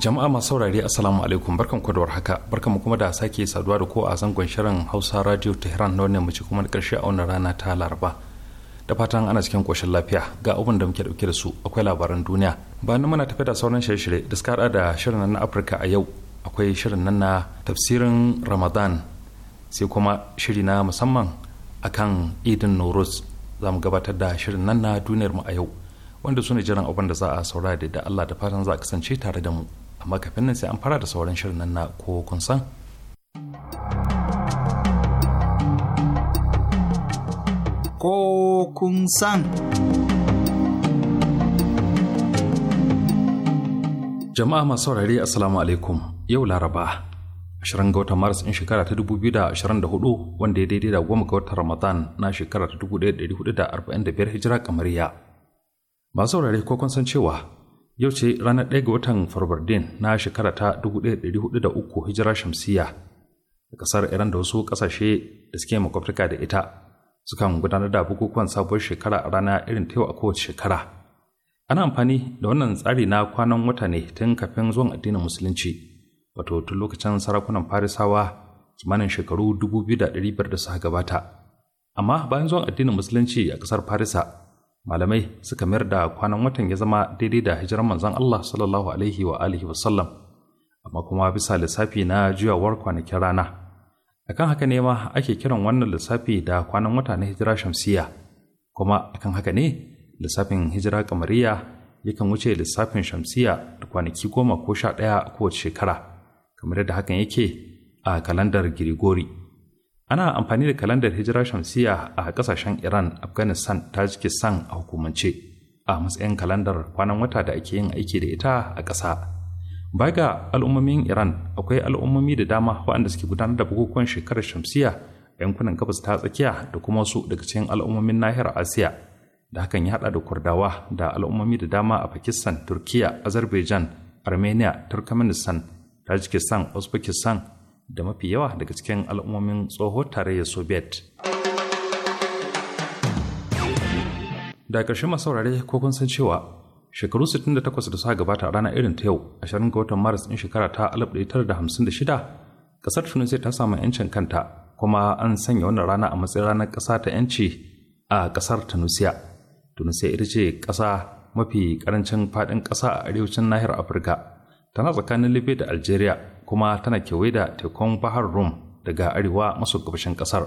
jama'a masu saurari assalamu alaikum barkan ku da warhaka barkan mu kuma da sake saduwa da ko a zangon shirin hausa radio tehran na wannan mace kuma karshe a wannan rana ta laraba da fatan ana cikin koshin lafiya ga abin da muke dauke da su akwai labaran duniya bayan muna tafi da sauran shirye-shirye da suka hada da shirin nan na afirka a yau akwai shirin nan na tafsirin ramadan sai kuma shiri na musamman akan idin noruz za mu gabatar da shirin nan na duniyar mu a yau wanda su ne jiran abin da za a saurara da Allah da fatan za a kasance tare da mu amma kafin nan sai an fara da sauran shirin nan na ko kun san ko kun san jama'a masu saurare assalamu alaikum yau laraba 20 ga watan maris in shekara ta 2024 wanda ya daidai da goma ga watan ramadan na shekara ta 1445 hijira kamar Ya, masu saurare ko kun san cewa yau ce ranar ɗaya ga watan farbardin na shekara ta 1403 hijira shamsiya da kasar iran da wasu kasashe da suke makwabtaka da ita sukan gudanar da bukukuwan sabuwar shekara a rana irin ta yau a kowace shekara ana amfani da wannan tsari na kwanan wata ne tun kafin zuwan addinin musulunci wato tun lokacin sarakunan farisawa kimanin shekaru 2500 da suka gabata amma bayan zuwan addinin musulunci a ƙasar farisa malamai suka mayar da kwanan watan ya zama daidai da hijirar manzon Allah sallallahu alaihi wa alihi wa sallam amma kuma bisa lissafi na juyawar kwanakin rana akan haka ne ma ake kiran wannan lissafi da kwanan wata na hijira shamsiya kuma akan haka ne lissafin hijira kamariya yakan wuce lissafin shamsiya da kwanaki goma ko sha ɗaya a kowace shekara kamar yadda hakan yake a kalandar girigori ana amfani da kalandar hijira shamsiya a kasashen iran afghanistan tajikistan a hukumance a matsayin kalandar kwanan wata da ake yin aiki da ita a ƙasa baya ga al'ummomin iran akwai al'ummomi da dama waɗanda suke gudanar da bukukuwan shekarar shamsiya a yankunan gabas ta tsakiya da kuma wasu daga cikin al'ummomin nahiyar asiya da hakan ya haɗa da kurdawa da al'ummomi da dama a pakistan turkiya azerbaijan armenia turkmenistan tajikistan uzbekistan da mafi yawa daga cikin al'ummomin tsohon tarayyar soviet da ƙarshen saurari ko kun san cewa shekaru 68 da suka gabata a ranar irin ta yau 20 ga watan maris din shekara ta 1956 ƙasar tunisia ta samu yancin kanta kuma an sanya wannan rana a matsayin ranar ƙasa ta yanci a ƙasar tunisia tunisia ita ce ƙasa mafi ƙarancin faɗin ƙasa a arewacin nahiyar afirka tana tsakanin libya da algeria kuma tana kewaye da tekun bahar rum daga arewa maso gabashin kasar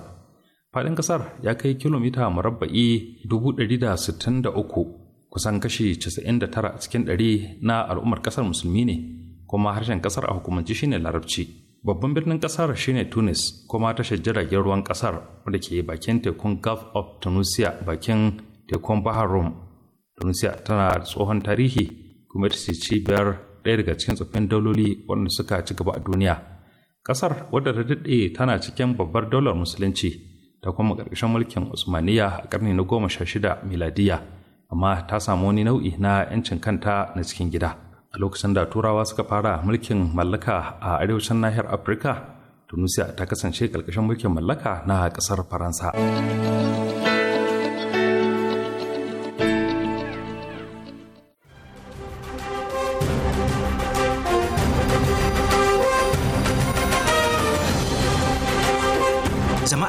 faɗin kasar ya kai kilomita murabba'i 163 kusan kashi 99 cikin ɗari na al'ummar kasar musulmi ne kuma harshen kasar a hukumance shine larabci babban birnin kasar shine tunis kuma tashar jiragen ruwan kasar wanda ke bakin tekun gulf of tunisia bakin tekun bahar rum tunisia tana tsohon tarihi kuma ita ce cibiyar ɗaya daga cikin tsoffin dauloli waɗanda suka ci gaba a duniya ƙasar wadda ta daɗe tana cikin babbar daular musulunci ta kuma ƙarƙashin mulkin Usmaniyya a ƙarni na goma sha shida miladiya amma ta samu wani nau'i na 'yancin kanta na cikin gida a lokacin da turawa suka fara mulkin mallaka a arewacin nahiyar afirka tunisia ta kasance ƙarƙashin mulkin mallaka na ƙasar faransa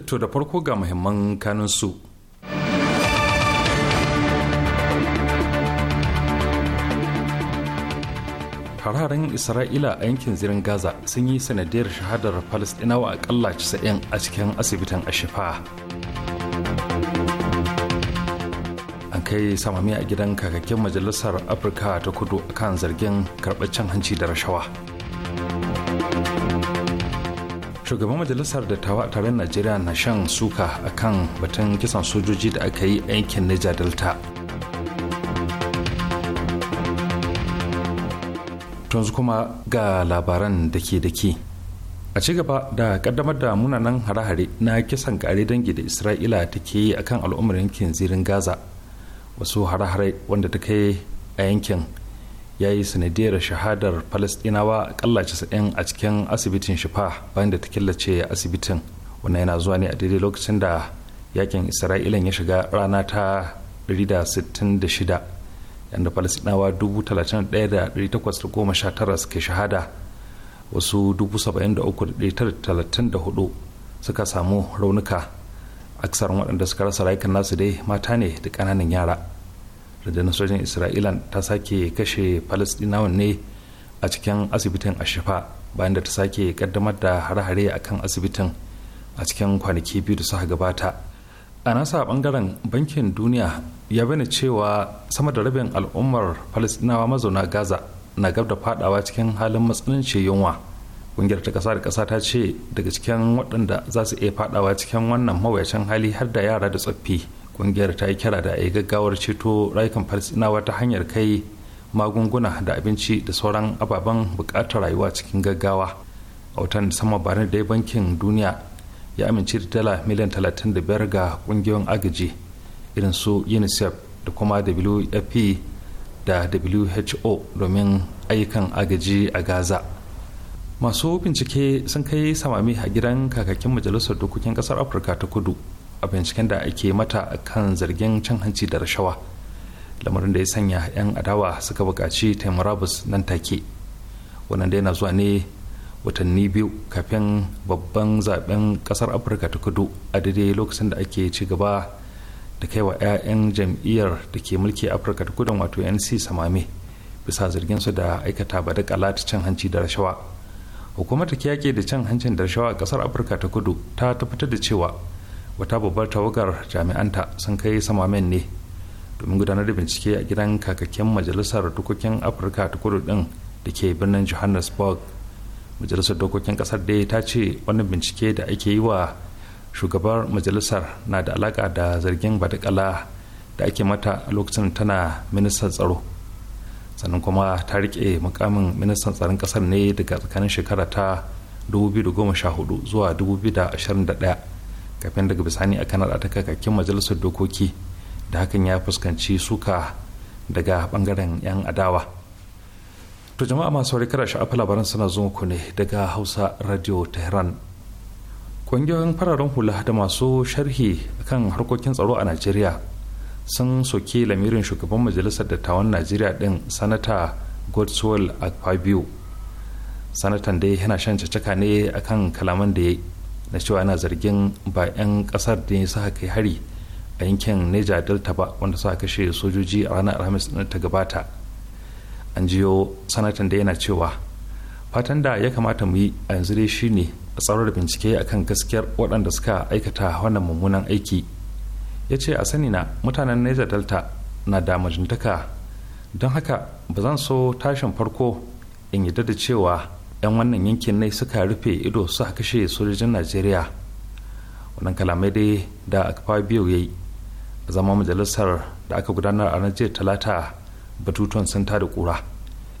To da farko ga muhimman kanin su. Hararen Isra'ila a yankin zirin Gaza sun yi sanadiyar shahadar Falasɗinawa aƙalla 90 a cikin asibitin Ashifa. An kai samami a gidan kakakin Majalisar Afirka ta Kudu kan zargin karɓar cin hanci da rashawa. shugaban majalisar dattawa a taron najeriya na shan suka akan batun kisan sojoji da aka yi a yankin niger delta yanzu kuma ga labaran da ke da ke a ci gaba da kaddamar da munanan hare-hare na kisan kare dangi da isra'ila ta ke yi akan al'ummar yankin zirin gaza wasu hare-hare wanda ta kai a yankin ya yi sanadiyar shahadar falastinawa akalla 90 a cikin asibitin shifa bayan da ta killace asibitin wannan yana zuwa ne a daidai lokacin da yakin isra'ilan ya shiga rana ta 166 yadda falastinawa 31,819 suke shahada wasu 73,934 suka samu raunuka aksarin waɗanda suka rasa rayukan nasu dai mata ne da ƙananan yara rundunar sojin isra'ila ta sake kashe falastinawan ne a cikin asibitin ashifa bayan da ta sake kaddamar da hare-hare a kan asibitin a cikin kwanaki biyu da suka gabata a nasa bangaren bankin duniya ya bane cewa sama da rabin al'ummar falastinawa mazauna gaza na gab da fadawa cikin halin matsananci yunwa kungiyar ta kasa da kasa ta ce daga cikin waɗanda za su iya fadawa cikin wannan mawuyacin hali har da yara da tsoffi kungiyar ta yi kira da a yi gaggawar ceto rayukan falasinawa ta hanyar kai magunguna da abinci da sauran ababen bukatar rayuwa cikin gaggawa a watan sama ba da bankin duniya ya amince da dala miliyan 35 ga kungiyoyin agaji irin su unicef da kuma wfp da who domin ayyukan agaji a gaza masu bincike sun kai samami a gidan kakakin majalisar dokokin kasar afirka ta kudu a binciken da ake mata a kan zargin cin hanci da rashawa lamarin da ya sanya 'yan adawa suka buƙaci taimurabus nan take wannan da yana zuwa ne watanni biyu kafin babban zaben kasar afirka ta kudu a daidai lokacin da ake ci gaba da kaiwa 'ya'yan jam'iyyar da ke mulki afirka ta kudu wato nc samame bisa zargin su da aikata ba da ta cin hanci da rashawa hukumar ta yaƙi da cin hancin da rashawa a kasar afirka ta kudu ta tabbatar da cewa wata babbar tawagar jami'anta sun kai samamen ne domin gudanar da bincike a gidan kakakken majalisar dokokin afirka ta kudu din da ke birnin johannesburg majalisar dokokin kasar dai ta ce wannan bincike da ake yi wa shugabar majalisar na da alaka da zargin badakala da ake mata a lokacin tana ministan tsaro sannan kuma ta rike mukamin ministan tsaron kasar ne daga tsakanin shekara ta 2014 zuwa 2021 kafin daga bisani a naɗa ta kakakin majalisar dokoki da hakan ya fuskanci suka daga bangaren 'yan adawa to jama'a masu wari kara sha'afa labaran suna zuwa ku ne daga hausa radio tehran ƙungiyoyin fararen hula da masu sharhi kan harkokin tsaro a najeriya sun soke lamirin shugaban majalisar dattawan najeriya din sanata godswell akpabio sanatan dai yana shan cacaka ne akan kalaman da ya na cewa yana zargin ba 'yan kasar da ne sa kai hari a yankin neja delta ba wanda suka kashe sojoji a ranar alhamis na ta gabata an jiyo sanatan da yana cewa fatan da ya kamata mu yi a yanzu dai ne a tsarar da bincike akan gaskiyar waɗanda suka aikata wannan mummunan aiki ya ce a sani na mutanen neja delta na da majintaka don haka ba zan so tashin farko in yarda da cewa 'yan wannan yankin ne suka rufe ido su a kashe sojojin najeriya wannan kalamai dai da akafa biyu ya a zama majalisar da aka gudanar a ranar talata batutuwan sun da kura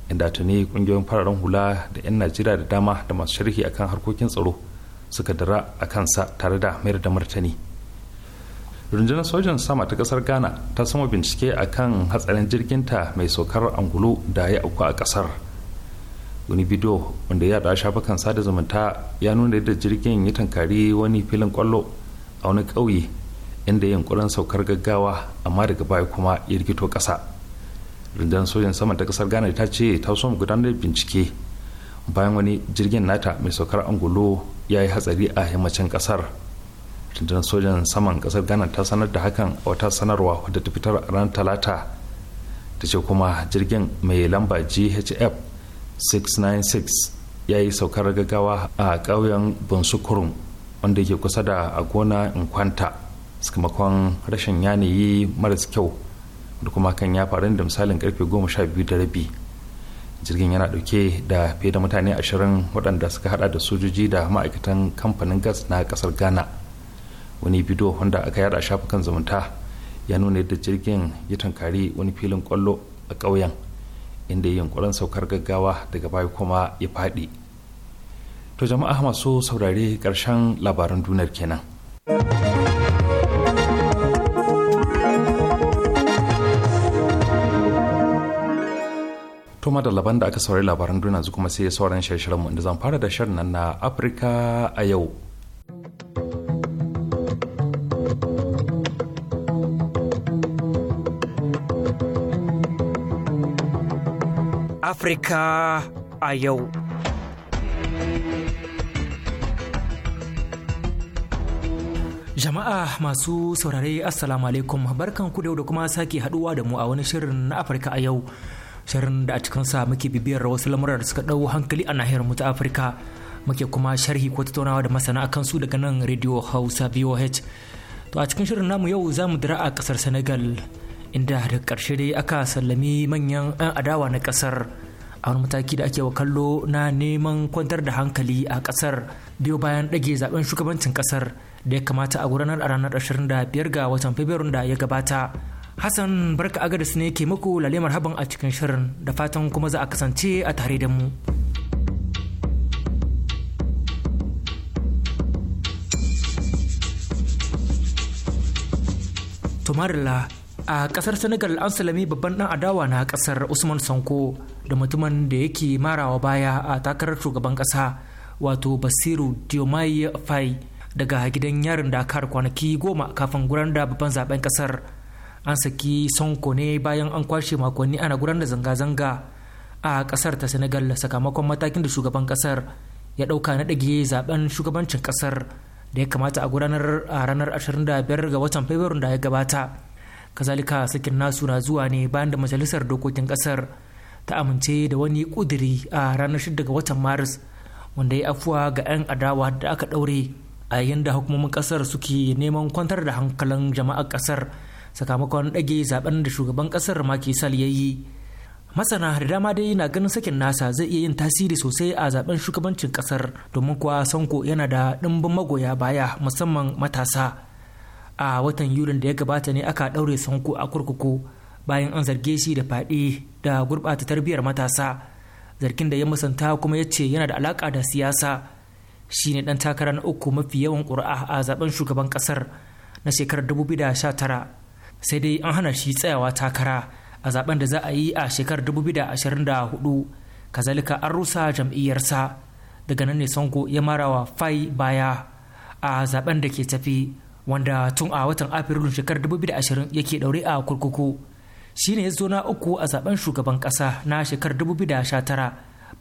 inda tuni kungiyoyin fararen hula da 'yan najeriya da dama da masu sharhi akan harkokin tsaro suka dara a kansa tare da mayar da martani rundunar sojan sama ta kasar ghana ta sama bincike akan hatsarin jirgin ta mai saukar angulo da ya auku a kasar wani bidiyo wanda ya da shafukan sada zumunta ya nuna yadda jirgin ya tankari wani filin kwallo a wani ƙauye inda yin kuran saukar gaggawa amma daga baya kuma ya rikito ƙasa rundunar sojan sama ta ƙasar ghana ta ce ta so gudanar da bincike bayan wani jirgin nata mai saukar angulo ya yi hatsari a yammacin ƙasar rundunar sojan saman ƙasar ghana ta sanar da hakan a wata sanarwa wadda ta fitar ranar talata ta ce kuma jirgin mai lamba ghf 696 ya yi saukar gaggawa a ƙauyen bunsukurum wanda ke kusa da agona kwanta sakamakon rashin yanayi maras kyau da kuma kan ya faru da misalin karfe goma sha biyu da rabi jirgin yana dauke da fiye da mutane ashirin waɗanda suka hada da sojoji da ma'aikatan kamfanin gas na ƙasar ghana wani bido wanda aka yada shafukan zumunta ya nuna yadda jirgin ya tankari wani filin kwallo a ƙauyen inda ya yunkurin saukar gaggawa daga baya kuma ya faɗi to jama'a masu saurare ƙarshen labaran duniyar kenan to da laban da aka saurari labaran duniya kuma sai sauran shirye-shiryenmu inda zan fara da shirin nan na afirka a yau Afirka a yau. Jama'a masu saurare Assalamu alaikum barkan ku da kuma sake haduwa da mu a wani shirin na Afirka a yau. Shirin da a cikinsa muke bibiyar wasu lamurar da suka ɗau hankali a nahiyar mu ta Afirka. Muke kuma sharhi ko tattaunawa da masana akan su daga nan Radio Hausa VOH. To a cikin shirin namu yau za mu dira a ƙasar Senegal. inda da ƙarshe dai aka sallami manyan 'yan adawa na kasar a wani mataki da ake wa kallo na neman kwantar da hankali a kasar biyo bayan ɗage zaben shugabancin kasar da ya kamata a gudanar a ranar 25 ga watan fabrairu da ya gabata hassan barka agadis ne ke muku lalemar haban a cikin shirin da fatan kuma za a kasance a tare da mu tumarila a kasar senegal an salami babban dan adawa na kasar usman sanko da mutumin da yake marawa baya a takarar shugaban kasa wato basiru diomaye fai daga gidan yarin dakar kwanaki goma kafin guran da babban zaben kasar an saki sanko ne bayan an kwashe makonni ana guran da zanga-zanga a kasar ta senegal sakamakon matakin da shugaban kasar ya dauka na ɗage zaben shugabancin kasar da ya kamata a gudanar a ranar 25 ga watan fabrairu da ya gabata kazalika sakin nasu na zuwa ne bayan da majalisar dokokin kasar ta amince da wani ƙudiri a ranar 6 ga watan maris wanda ya afuwa ga 'yan adawa da aka daure a yayin da hukumomin kasar suke neman kwantar da hankalin jama'ar kasar sakamakon dage zaben da shugaban kasar maki sal ya yi masana da dama dai na ganin sakin nasa zai iya yin tasiri sosai a zaben shugabancin kasar domin kuwa sanko yana da dimbin magoya baya musamman matasa a watan yulin da ya gabata ne aka ɗaure sanko a kurkuku bayan an zarge shi da faɗi da gurɓata tarbiyyar matasa zargin da ya musanta kuma ya ce yana da alaka da siyasa shi ne ɗan takara na uku mafi yawan ƙuri'a a zaben shugaban ƙasar na shekarar 2019 sai dai an hana shi tsayawa takara a zaben da za a yi a shekarar da hudu kazalika an rusa jam'iyyarsa daga nan ne sanko ya marawa fai baya a zaben da ke tafi wanda tun a watan afrilun shekarar 2020 yake daure a kurkuku shine ya zo na uku a zaben shugaban kasa na shekarar 2019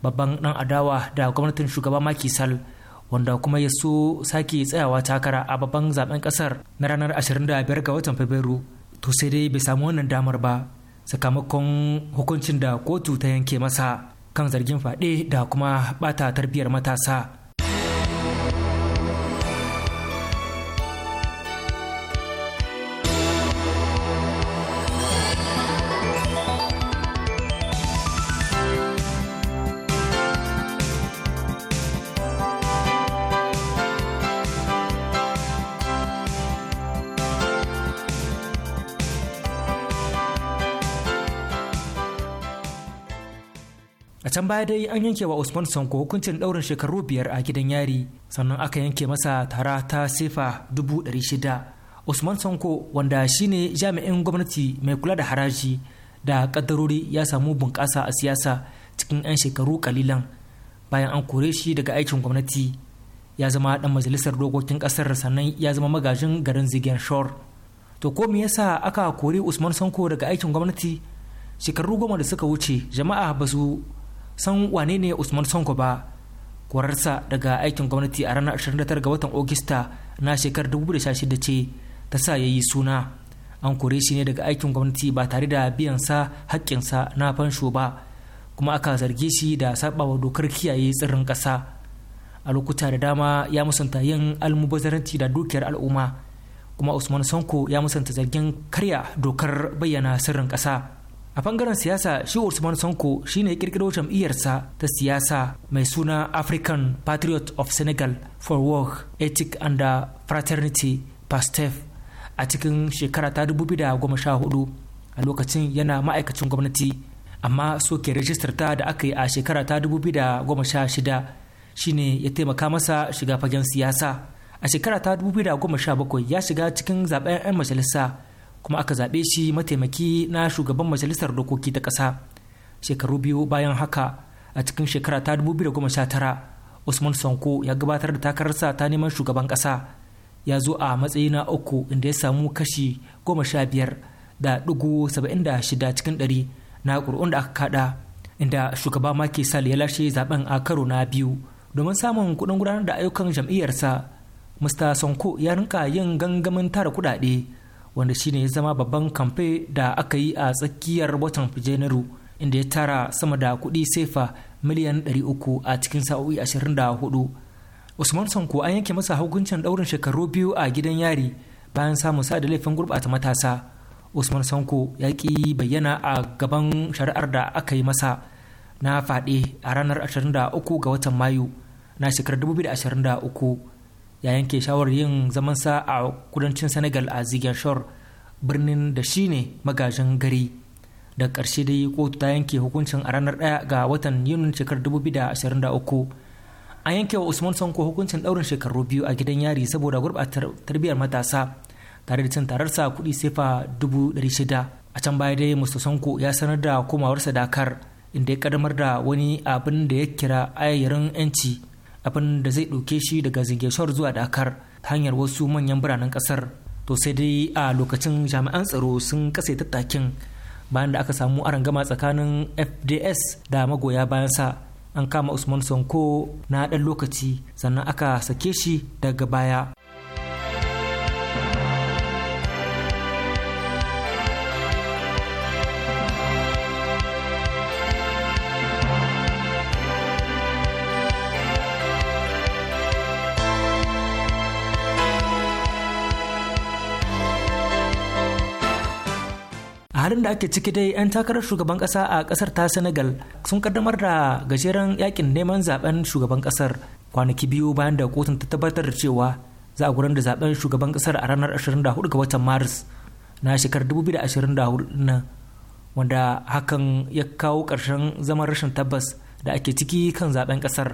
babban dan adawa da gwamnatin shugaba makisal wanda kuma ya so sake tsayawa takara a babban zaben kasar na ranar 25 ga watan Fabrairu to sai dai bai samu wannan damar ba sakamakon hukuncin da kotu ta yanke masa kan zargin fade da kuma bata tarbiyar matasa a can baya dai an yanke wa usman sanko hukuncin daurin shekaru biyar a gidan yari sannan aka yanke masa tara ta sefa dubu ɗari shida usman sanko wanda shine jami'in gwamnati mai kula da haraji da ƙaddarori ya samu bunƙasa a siyasa cikin 'yan shekaru kalilan bayan an kore shi daga aikin gwamnati ya zama ɗan majalisar dokokin ƙasar sannan ya zama magajin garin zigen shore to ko me yasa aka kore usman sanko daga aikin gwamnati shekaru goma da suka wuce jama'a ba san wane ne usman sanko ba kwararsa daga aikin gwamnati a ranar 29 ga watan ogista na shekarar 2016 ce ta sa ya yi suna an kore shi ne daga aikin gwamnati ba tare da biyan sa hakkin sa na fansho ba kuma aka zarge shi da sabawa dokar kiyaye tsirrin ƙasa a lokuta da dama ya musanta yin almubazaranci da dukiyar al'umma kuma usman sanko ya musanta zargin karya dokar bayyana sirrin ƙasa a bangaren siyasa shi usman sanko shine ya kirkiro jam'iyyarsa ta siyasa mai suna african patriot of senegal for work ethic and fraternity pastef a cikin shekara ta 2014 a lokacin yana ma'aikacin gwamnati amma soke rajistar ta da aka yi a shekara ta 2016 shine ya taimaka masa shiga fagen siyasa a shekara ta 2017 ya shiga cikin zaben 'yan majalisa kuma aka zaɓe shi mataimaki na shugaban majalisar dokoki ta ƙasa shekaru biyu bayan haka a cikin shekara ta 2019 usman sanko ya gabatar da takararsa ta neman shugaban ƙasa ya zo a matsayi na uku inda ya samu kashi goma sha biyar da ɗigo saba'in shida cikin ɗari na ƙuri'un da aka kaɗa inda shugaba Macky Sall ya lashe zaben a karo na biyu domin samun kuɗin gudanar da ayyukan jam'iyyarsa mista sanko ya rinka yin gangamin tara kuɗaɗe wanda shine ya zama babban kamfe da aka yi a tsakiyar watan janairu inda ya tara sama da kuɗi sefa miliyan 300 a cikin sa'o'i 24 usman sanko an yanke masa hukuncin daurin shekaru biyu a gidan yari bayan samun sa da laifin gurɓata matasa usman sanko ya ki bayyana a gaban shari'ar da aka yi masa na faɗe a ranar 23 ga watan mayu na shekarar 2023 ya yanke shawarar yin zaman sa a kudancin senegal a ziguinchor birnin da shi ne magajin gari da ƙarshe dai kotu ta yanke hukuncin a ranar 1 ga watan yunin shekarar 2023 an yanke wa usman sanko hukuncin ɗaurin shekaru biyu a gidan yari saboda gurɓatar tarbiyyar matasa tare da cin tararsa kuɗi sefa 600 a can baya dai musta sanko ya sanar da komawarsa dakar inda ya kaddamar da wani abin da ya kira ayyarin 'yanci abin da zai ɗauke shi daga zingeshwar zuwa dakar ta hanyar wasu manyan biranen ƙasar to sai dai a lokacin jami'an tsaro sun kase tattakin bayan da aka samu arangama tsakanin fds da magoya bayan sa an kama usman sonko na ɗan lokaci sannan aka sake shi daga baya halin da ake ciki dai 'yan takarar shugaban kasa a kasar ta senegal sun kaddamar da gajeren yakin neman zaben shugaban kasar kwanaki biyu bayan da kotun ta tabbatar da cewa za a gudanar da zaben shugaban kasar a ranar 24 ga watan maris na shekarar 2024 nan wanda hakan ya kawo ƙarshen zaman rashin tabbas da ake ciki kan zaben kasar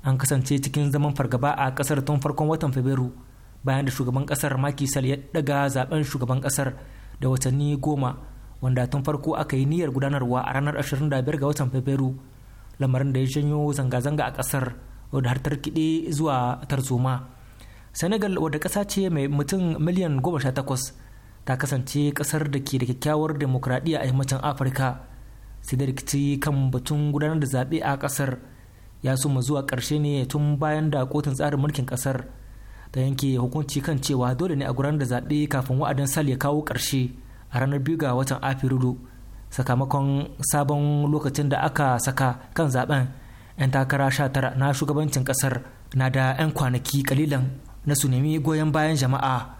an kasance cikin zaman fargaba a kasar tun farkon watan fabrairu bayan da shugaban kasar makisal ya daga zaben shugaban kasar da watanni goma wanda tun farko aka yi niyyar gudanarwa a ranar 25 ga watan fabrairu lamarin da ya janyo zanga-zanga a kasar wadda har tarkiɗe zuwa tarzoma senegal wadda ƙasa ce mai mutum miliyan 18 ta kasance ƙasar da ke da kyakkyawar demokradiyya a yammacin afirka sai da rikici kan batun gudanar da zaɓe a kasar ya suma zuwa ƙarshe ne tun bayan da kotun tsarin mulkin ƙasar ta yanke hukunci kan cewa dole ne a gudanar da zaɓe kafin wa'adin sal ya kawo ƙarshe a ranar biyu ga watan afirilu sakamakon sabon lokacin da aka saka kan zaben 'yan takara 19 na shugabancin kasar na da 'yan kwanaki kalilan na su nemi goyon bayan jama'a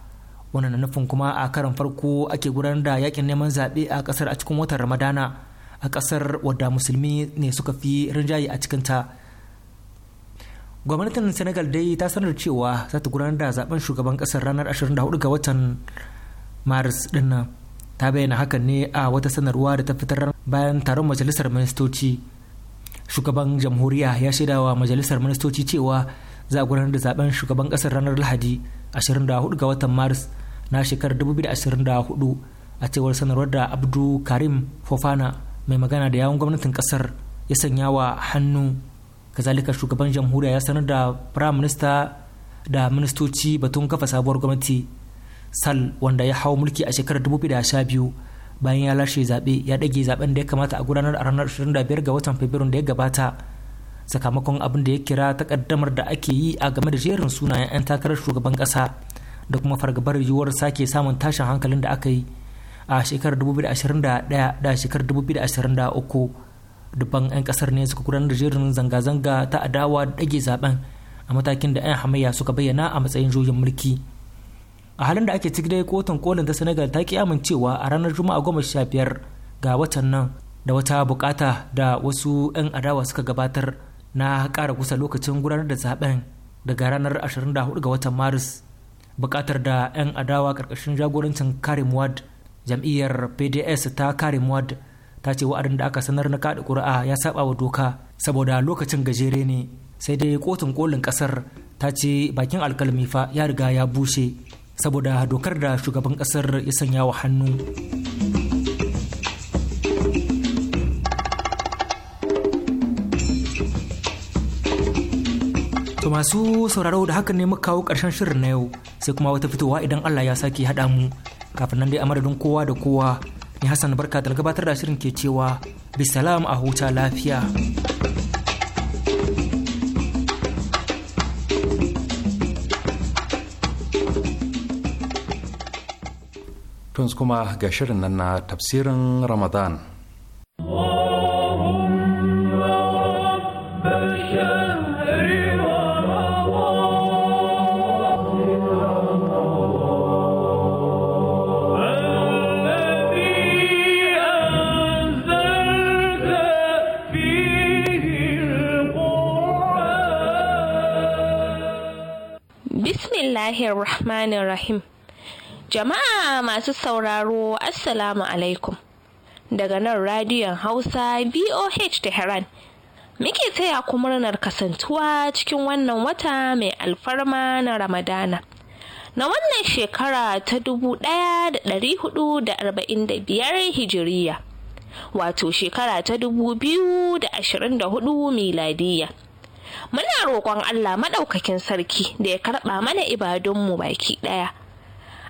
wannan nufin kuma a karan farko ake gudanar da yakin neman zaɓe a kasar a cikin watan ramadana a kasar wadda musulmi ne suka fi rinjaye a cikinta gwamnatin senegal dai ta sanar cewa za ta gudanar da zaben shugaban kasar ranar 24 ga watan maris dinnan ta bayyana hakan ne a wata sanarwa da ta fitar bayan taron majalisar ministoci shugaban jamhuriya ya shaida wa majalisar ministoci cewa za a gudanar da zaben shugaban kasar ranar lahadi 24 ga watan maris na shekarar 2024 a cewar sanarwar da abdu karim fofana mai magana da yawon gwamnatin kasar ya sanya wa hannu kazalika shugaban jamhuriya ya sanar da prime minister da ministoci batun kafa sabuwar gwamnati sal wanda ya hau mulki a shekarar 2012 bayan ya lashe zaɓe ya ɗage zaben da ya kamata a gudanar a ranar 25 ga watan fabrairu da ya gabata sakamakon abin da ya kira takaddamar da ake yi a game da jerin sunayen 'yan takarar shugaban ƙasa da kuma fargabar yiwuwar sake samun tashin hankalin da aka yi a shekarar 2021 da shekarar 2023 dubban 'yan ƙasar ne suka gudanar da jerin zanga-zanga ta adawa da ɗage zaben a matakin da 'yan hamayya suka bayyana a matsayin juyin mulki a halin da ake ciki dai kotun kolin ta senegal ta ki amincewa a ranar juma'a goma sha biyar ga watan nan da wata bukata da wasu 'yan adawa suka gabatar na kara kusa lokacin gudanar da zaben daga ranar 24 ga watan maris bukatar da 'yan adawa karkashin jagorancin karim wad jam'iyyar pds ta karim wad ta ce wa'adin da aka sanar na kaɗa ƙuri'a ya saba wa doka saboda lokacin gajere ne sai dai kotun kolin ƙasar ta ce bakin alkalmi fa ya riga ya bushe saboda dokar da shugaban kasar ya sanya wa hannu To masu sauraro da hakan ne muka kawo karshen shirin na yau sai kuma wata fitowa idan Allah ya sake haɗa mu kafin nan dai a madadin kowa da kowa ni Hassan barka da gabatar da shirin ke cewa bisalam a huta lafiya. to kuma ga shirin nan na tafsirin ramadan Bismillahirrahmanirrahim. Jama'a masu sauraro Assalamu alaikum. Daga nan radiyon Hausa BOH Tehran. Muke taya ku murnar kasantuwa cikin wannan wata mai alfarma na Ramadana. Na wannan shekara ta dubu ɗaya da da da arba'in da biyar Hijiriya. Wato shekara ta dubu biyu da da hudu miladiyya. Muna roƙon Allah maɗaukakin sarki da ya karɓa mana ibadunmu baki ɗaya.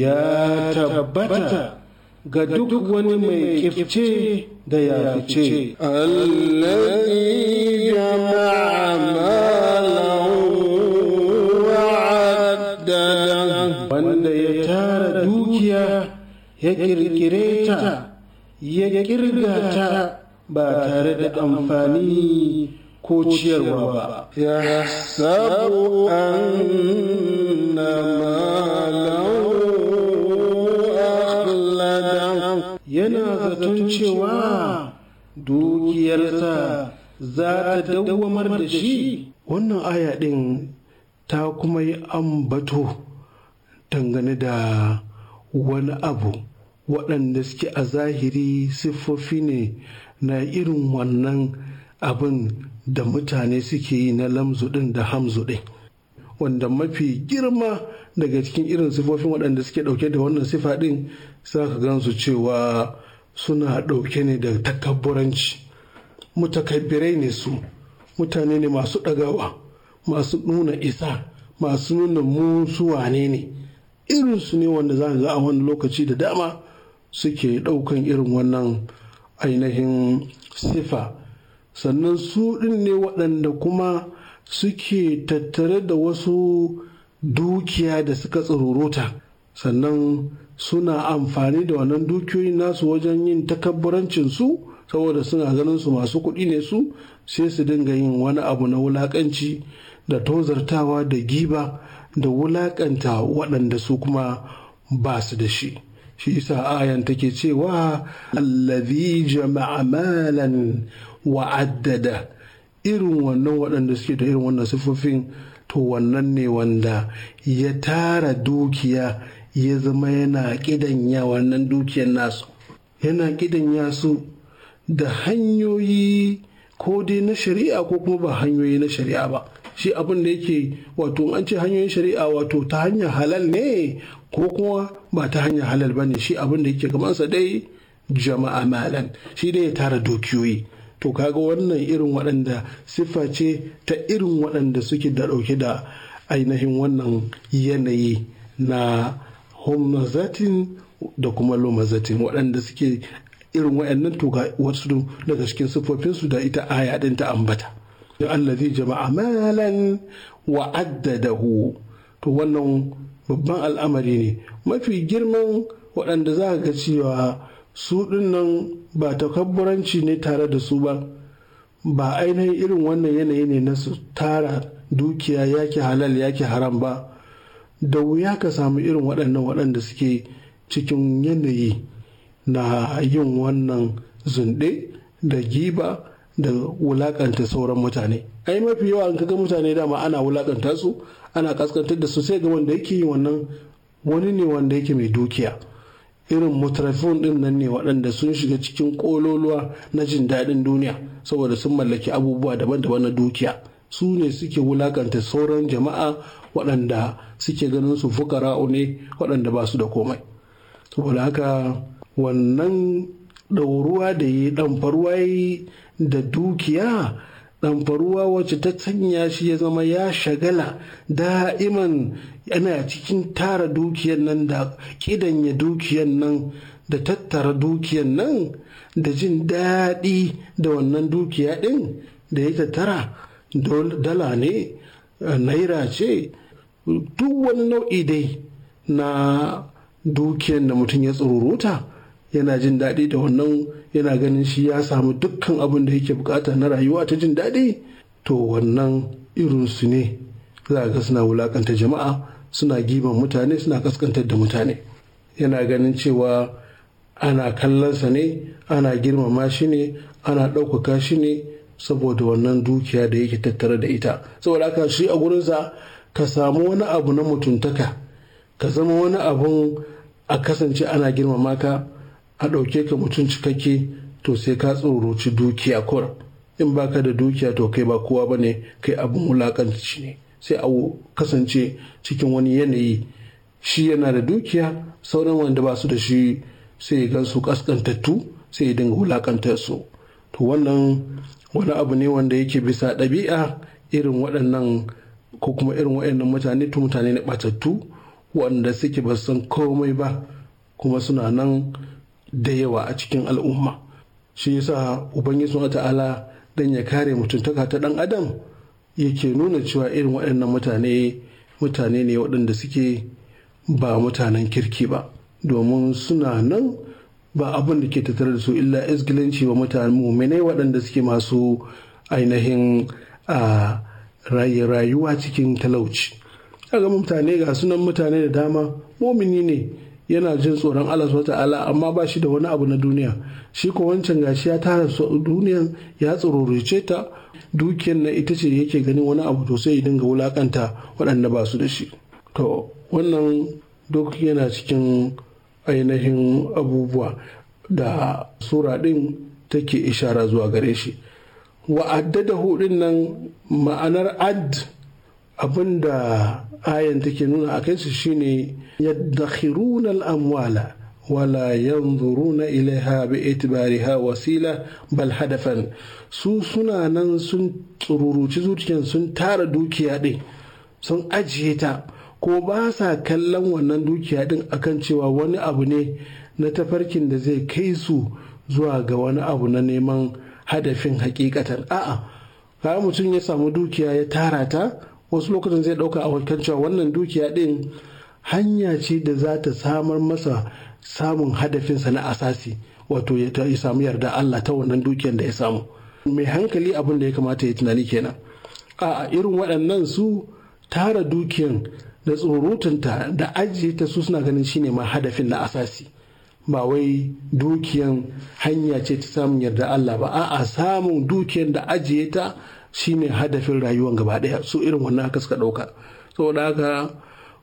ya tabbata ga duk wani mai kifce da ya fice. wanda ya tara dukiya ya kirkire ta ya kirga ta ba tare da amfani ko ciyarwa ba. Ya sabu an na zaton cewa dukiyarsa za ta dawwamar da shi wannan aya ɗin ta kuma yi ambato dangane da wani abu waɗanda suke a zahiri siffofi ne na irin wannan abin da mutane suke yi na lamzuɗin da hamzuɗin wanda mafi girma daga cikin irin siffofin waɗanda suke ɗauke da wannan sifa ɗin za ka gansu cewa suna ɗauke ne da takabburanci mutakabbirai ne su mutane ne masu ɗagawa masu nuna isa masu nuna musu wane ne irinsu ne wanda za a wani lokaci da dama suke ɗaukan irin wannan ainihin sifa sannan su ɗin ne waɗanda kuma suke tattare da wasu dukiya da suka tsururuta sannan suna amfani da wannan dukiyoyin nasu wajen yin takabburancin su saboda suna ganin su masu kuɗi ne su sai su dinga yin wani abu na wulakanci da tozartawa da giba da wulakanta waɗanda su kuma ba su da shi shi yasa ayan take cewa allazi jama'a malan wa addada irin wannan waɗanda suke da irin wannan siffofin to wannan ne wanda ya tara dukiya ya zama yana ƙidanya wannan dukiyar nasu yana ƙidanya su da hanyoyi ko dai na shari'a ko kuma ba hanyoyi na shari'a ba shi abin da yake wato an ce hanyoyin shari'a wato ta hanyar halal ne ko kuma ba ta hanyar halal ba ne shi abin da yake gamansa dai jama'a malan shi dai ya tara dukiyoyi to kaga wannan irin waɗanda siffa ce ta irin waɗanda suke da ɗauke da ainihin wannan yanayi na homazatin da kuma lomazatin waɗanda suke irin waɗannan to ga wasu daga cikin siffofinsu da ita aya ɗin ta ambata allazi jama'a malan wa addadahu to wannan babban al'amari ne mafi girman waɗanda za ga cewa su nan ba takabburanci ne tare da su ba ba ainihin irin wannan yanayi ne na su tara dukiya yake halal yake haram ba da wuya ka samu irin waɗannan waɗanda suke cikin yanayi na yin wannan zunɗe da giba da wulakanta sauran mutane ai mafi yawa in kaga mutane dama ana wulakanta su ana kaskantar da su sai ga wanda yake yi wannan wani ne wanda yake mai dukiya irin mutrafin din nan ne waɗanda sun shiga cikin kololuwa na jin daɗin duniya saboda sun mallaki abubuwa daban-daban na dukiya su ne suke wulakanta sauran jama'a waɗanda suke ganin su fukara'u ne waɗanda ba su da komai saboda haka wannan ɗauruwa da yi ɗamfaruwa yi da dukiya ɗamfaruwa wacce ta sanya shi ya zama ya shagala da'iman yana cikin tara dukiyan nan da ƙidanya dukiyan nan da tattara dukiyan nan da jin daɗi da wannan dukiya ɗin da ya tattara dala ne naira ce duk wani nau'i dai na dukiyar da mutum ya tsururuta yana jin daɗi da wannan yana ganin shi ya samu dukkan abin da yake bukata na rayuwa ta jin daɗi to wannan irinsu ne za ga suna wulakanta jama'a suna giban mutane suna kaskantar da mutane yana ganin cewa ana kallonsa ne ana girmama shi ne ana ɗaukaka shi ne saboda wannan dukiya da yake tattare da ita saboda haka shi a gurinsa ka samu wani abu na mutuntaka ka zama wani abun a kasance ana girmama ka a ɗauke ka mutum cikakke to sai ka tsoroci dukiya kur in baka da dukiya to kai ba kowa ba ne kai abin wulaƙanci ne sai a kasance cikin wani yanayi shi yana da dukiya sauran wanda ba su da shi sai ya su ƙasƙantattu sai ya dinga wulakantar su to wannan wani abu ne wanda yake bisa ɗabi'a irin waɗannan ko kuma irin waɗannan mutane to mutane ne ɓatattu wanda suke ba san komai ba kuma suna nan da yawa a cikin al'umma shi yasa ubangiji sun ta'ala dan ya kare mutuntaka ta dan adam yake nuna cewa irin waɗannan mutane mutane ne waɗanda suke ba mutanen kirki ba domin suna nan ba abin da ke tattare da su illa izgilanci wa mutane muminai waɗanda suke masu ainihin a ah, rayuwa cikin talauci kaga mutane ga sunan mutane da dama momini ne yana jin tsoron Allah wata ta'ala amma ba shi da wani abu na duniya shi ko wancan gashi ya tara duniyan ya tsororice ta dukiyar na ita ce yake ganin wani abu to sai ya dinga wulakanta waɗanda ba su da shi to wannan duk yana cikin ainihin abubuwa da sura ɗin take ishara zuwa gare shi da hudun nan ma'anar ad abinda ayan take nuna a kai su shine yaddakhiruna al-amwala wala yanzuruna ilaiha bi itibariha wasila bal hadafan su suna nan sun tsururuci zuciyan sun tara dukiya din sun ajiye ta ko ba sa kallon wannan dukiya din akan cewa wani abu ne na tafarkin da zai kai su zuwa ga wani abu na neman hadafin hakikatan a'a kayan mutum ya samu dukiya ya tara ta wasu lokacin zai dauka a cewa wannan dukiya din hanya ce da za ta samar masa samun hadafinsa na asasi wato ya samu yarda Allah ta wannan dukiyar da ya samu mai hankali abin da ya kamata ya tunani kenan a irin waɗannan su tara dukiyar da tsorutunta da ajiye ta su suna ganin shine ma hadafin na asasi ba wai dukiyan hanya ce ta samun yarda Allah ba a'a samun dukiyan da ajiye ta shine hadafin rayuwan gaba daya su irin wannan haka suka dauka saboda haka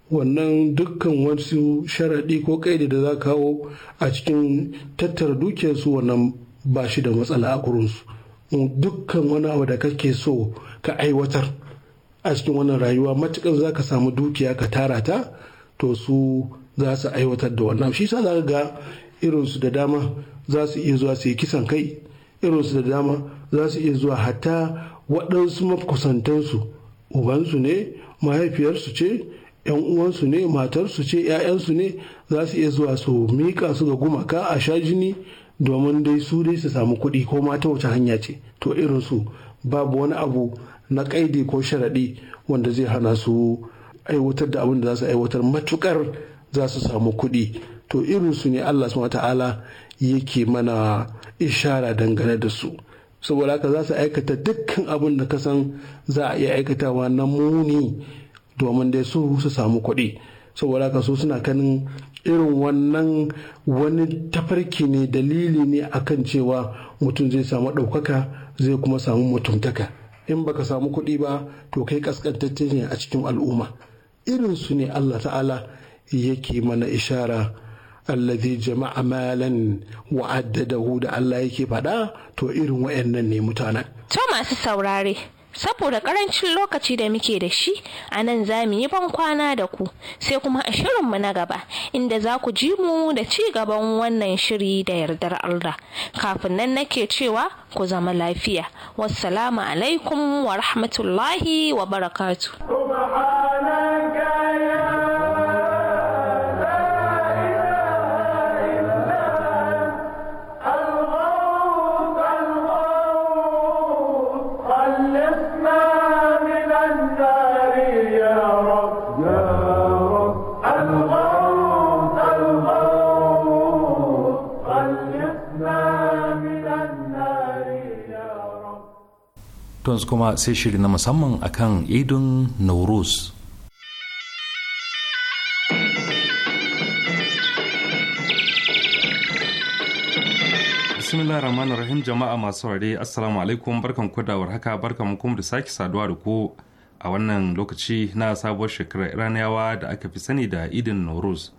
wannan dukkan wasu sharaɗi ko kaidi da za kawo a cikin tattara dukiyarsu wannan ba shi da matsala a gurinsu dukkan wani abu da kake so ka aiwatar a cikin wannan rayuwa matuƙar za ka samu dukiya ka tara ta to su za su aiwatar da wannan shi sa za ga irinsu da dama za su iya zuwa su yi kisan kai irinsu da dama za su iya zuwa hatta waɗansu mafkusantansu ubansu ne mahaifiyarsu ce yan uwansu ne matarsu ce 'ya'yansu ne za su iya zuwa su miƙa su ga gumaka a sha jini domin dai su dai su samu kuɗi ko mata wace hanya ce to irinsu babu wani abu na ƙaidi ko sharaɗi wanda zai hana su aiwatar da abin da za su aiwatar matuƙar. za su samu kuɗi to irinsu ne Allah subhanahu ta'ala yake mana ishara dangane da su saboda haka za su aikata dukkan abin da ka san za a iya aikatawa na muni domin dai su su samu kuɗi saboda haka su suna kanin irin wannan wani tafarki ne dalili ne a kan cewa mutum zai samu ɗaukaka zai kuma samu mutumtaka in baka samu kuɗi ba to kai kaskantacce ne a cikin al'umma Irinsu ne Allah ta'ala yake mana ishara allazi jama'a malan wa addadahu da Allah yake faɗa to irin wayannan ne mutanen to masu saurare saboda karancin lokaci da muke da shi a nan za mu yi ban kwana da ku sai kuma a shirin mu na gaba inda za ku ji mu da ci gaban wannan shiri da yardar Allah kafin nan nake cewa ku zama lafiya wassalamu alaikum wa rahmatullahi wa barakatu. to yanzu kuma sai shiri na musamman akan idin nauruz bismillah rahman rahim jama'a masu saurare assalamu alaikum barkan ku haka warhaka barkan kuma da sake saduwa da ku a wannan lokaci na sabuwar shekarar iraniyawa da aka fi sani da idin nauruz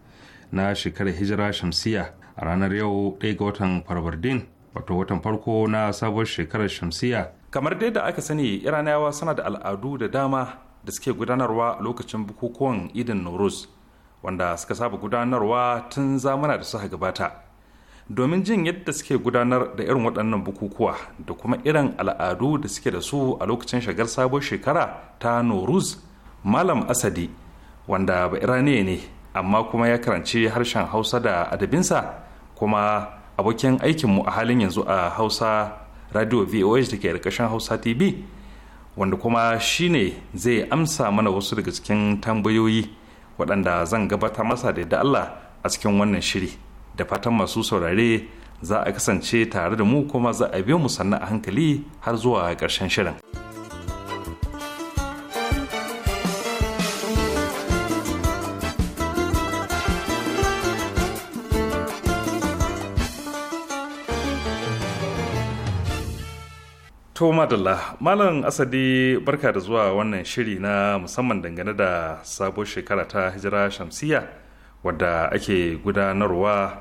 na shekarar hijira shamsiya a ranar yau ɗaya ga watan farbardin wato watan farko na sabuwar shekarar shamsiya kamar dai da aka sani iranayawa suna da al'adu da dama da suke gudanarwa lokacin bukukuwan idin noruz wanda suka saba gudanarwa tun zamana da suka gabata domin jin yadda suke gudanar da irin waɗannan bukukuwa da kuma irin al'adu da suke da su a lokacin shagar sabon shekara ta noruz malam asadi wanda ba iraniya ne amma kuma ya karanci harshen hausa da adabinsa kuma abokin aikinmu a halin yanzu a hausa radio voh da ke ƙarƙashin hausa tv wanda kuma shi ne zai amsa mana wasu daga cikin tambayoyi waɗanda zan gabatar masa da allah a cikin wannan shiri da fatan masu saurare za a kasance tare da mu kuma za a biyo mu sannan a hankali har zuwa ƙarshen shirin. To madalla Malam Asadi barka da zuwa wannan shiri na musamman dangane da sabon shekara ta hijira shamsiya wadda ake gudanarwa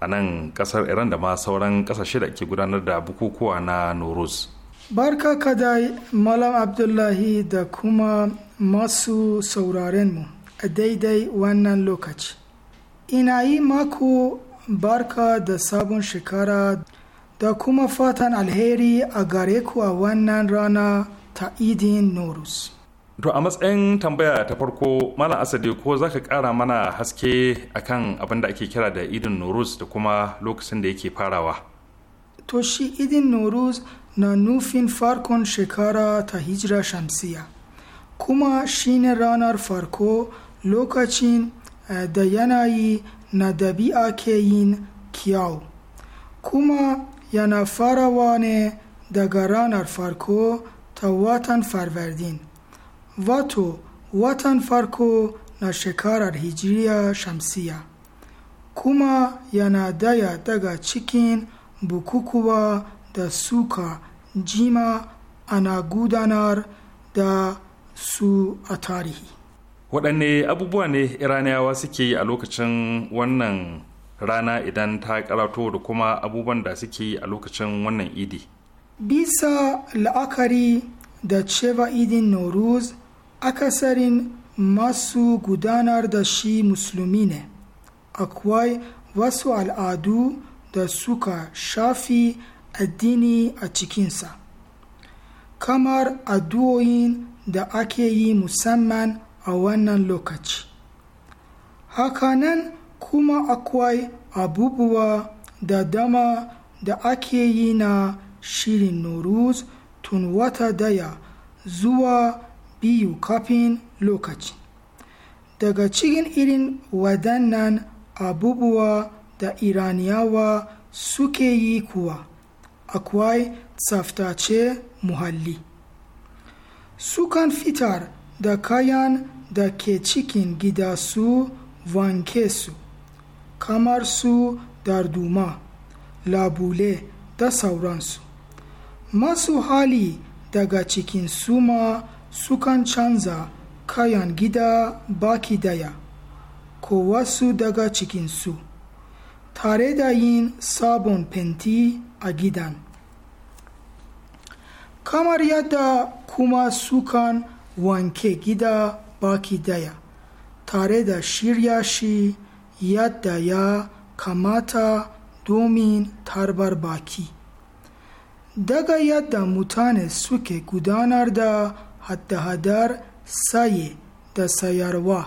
a nan kasar Iran da ma sauran kasashe da ake gudanar da bukukuwa na Noruz. Barka ka dai Malam Abdullahi da kuma masu sauraren mu a daidai wannan lokaci. Ina yi mako barka da sabon shekara da kuma fatan alheri a gare ku a wannan rana ta idin norus to a matsayin tambaya ta farko malam asadi ko za ka kara mana haske akan abin da ake kira da idin norus da kuma lokacin da yake farawa to shi idin norus na nufin farkon shekara ta hijira shamsiya kuma shine ranar farko lokacin eh, da yanayi na dabi'a ke yin kyau kuma yana farawa ne daga ranar farko ta watan farvardin wato watan farko na shekarar hijiriya shamsiya kuma yana daya daga cikin bukukuwa da suka jima ana gudanar da su a tarihi waɗanne abubuwa ne iraniyawa suke yi a lokacin wannan rana idan ta karato da kuma abubuwan da suke a lokacin wannan idi bisa la'akari da cewa idin noruz akasarin masu gudanar da shi musulmi ne akwai wasu al'adu da suka shafi addini a cikinsa kamar addu'o'in da ake yi musamman a wannan lokaci hakanan kuma akwai abubuwa da dama da ake yi na shirin noruz tun wata daya zuwa biyu kafin lokaci daga cikin irin wadannan abubuwa da iraniyawa suke yi kuwa akwai tsaftace muhalli sukan fitar da kayan da ke cikin gida su wanke su kamar su darduma labule da sauransu masu hali daga cikin suma sukan canza kayan gida baki daya ko wasu daga cikinsu tare da yin sabon fenti a gidan kamar yadda kuma sukan wanke gida baki daya tare da shirya shi yadda ya kamata domin tarbar baki daga yadda mutane suke gudanar da hada-hadar saye da sayarwa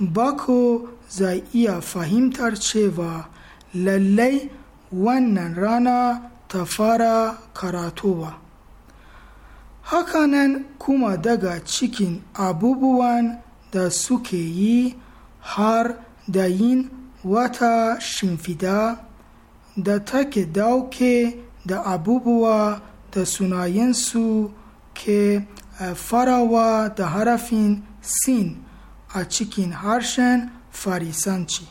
bako zai iya fahimtar cewa lallai wannan rana ta fara karatowa hakanan kuma daga cikin abubuwan da suke yi har da yin wata shimfida da take dauke da abubuwa da sunayensu ke eh, farawa da harafin sin a cikin harshen farisanci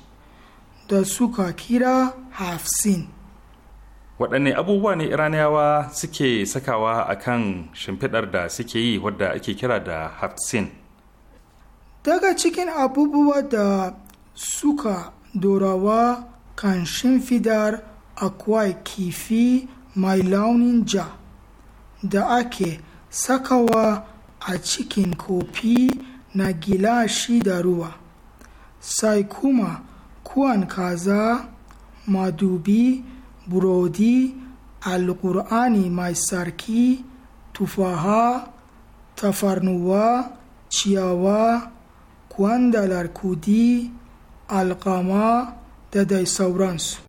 da suka kira hafsin waɗanne abubuwa ne iraniyawa suke sakawa a kan shimfiɗar da suke yi wadda ake kira da hafsin daga cikin abubuwa da suka dorawa kan shimfidar akwai kifi mai launin ja da ake sakawa a cikin kofi na gilashi da ruwa sai kuma kuwan kaza madubi burodi alkur'ani mai sarki tufaha tafarnuwa ciyawa kwandalar kudi alkama da dai sauransu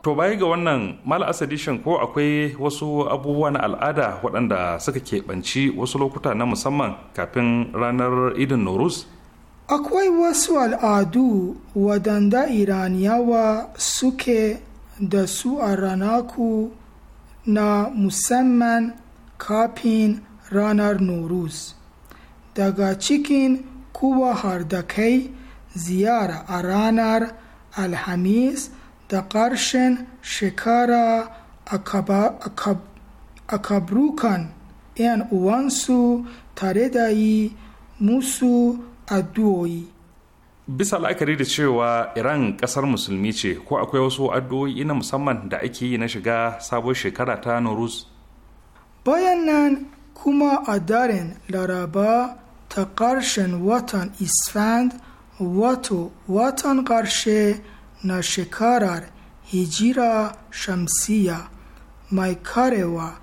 To baya ga wannan mal asadishin ko akwai wasu abubuwa na al'ada waɗanda suka keɓanci wasu lokuta na musamman kafin ranar idin Norus? akwai wasu al'adu waɗanda iraniyawa suke da su a ranaku na musamman kafin ranar nor'us daga cikin kuwa har da kai ziyara a ranar alhamis da ƙarshen shekara a kabrukan 'yan uwansu tare da yi musu addu'o'i bisa la'akari da cewa iran kasar musulmi ce ko akwai wasu addu'o'i na musamman da ake yi na shiga sabon shekara ta noruz bayan nan kuma a daren laraba ta ƙarshen watan isfand wato watan ƙarshe na shekarar hijira shamsiya mai karewa